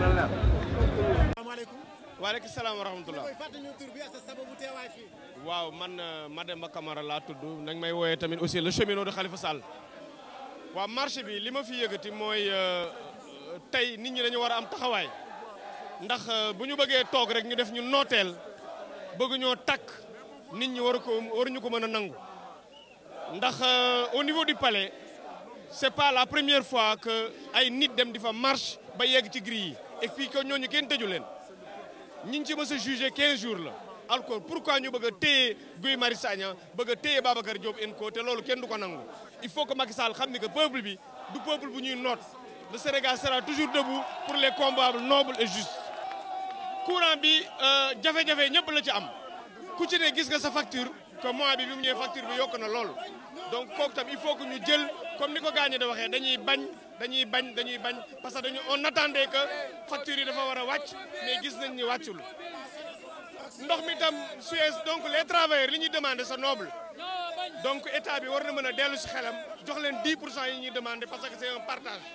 na leer. asalaamaaleykum. waaleykum salaam wa rahmatulah. waaw man euh, Mademba Camara laa tudd nañ may wooyee tamit aussi le cheminot de xalifa Sall. waa marché bi li ma fi yëgati mooy euh, tey nit ñi dañu war a am taxawaay. ndax euh, bu ñu bëggee toog rek ñu def ñu nooteel bëgg ñoo takk nit ñi waru ko waruñu ko mën a nangu ndax au niveau du palais c'est pas la première fois que ay nit dem di fa marche ba yegg ci gris yi et puis que ñooñu kenn tëju leen ñi ñu ci mës la encore pourquoi ñu bëgg a téye Guy Marius Sagna bëgg a téye Babacar Diop en ko te loolu kenn du ko nangu il faut que Macky Sall xam ni que peuple bi du peuple bu ñuy noot le Sénégal sera toujours debout pour le combats nobles et justes. courant bi euh, jafe-jafe ñëpp la ci am ku ci ne gis nga sa facture que mois bi bi mu ñëwee facture bi yokk na lool donc kooku tam il faut que ñu jël. comme ni ko gaañ da waxee dañuy bañ dañuy bañ dañuy bañ parce que dañu on attendait que facture yi dafa war a wàcc mais gis nañ ni wàccul ndox mi tam Suez donc les travailleurs li ñuy demandé c'est noble donc état bi war na mën a dellu si xelam jox leen 10 pour cent yi ñuy demandé parce que c'est un partage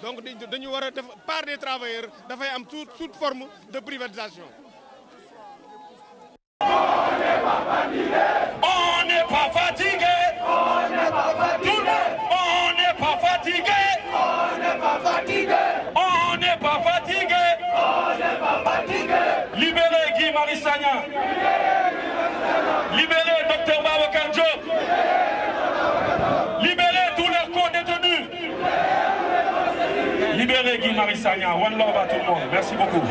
donc dañu war a def part des travailleurs dafay am tout toute forme de privatisation libérer Guy Marie Sagna. One love à tout le monde. Merci beaucoup.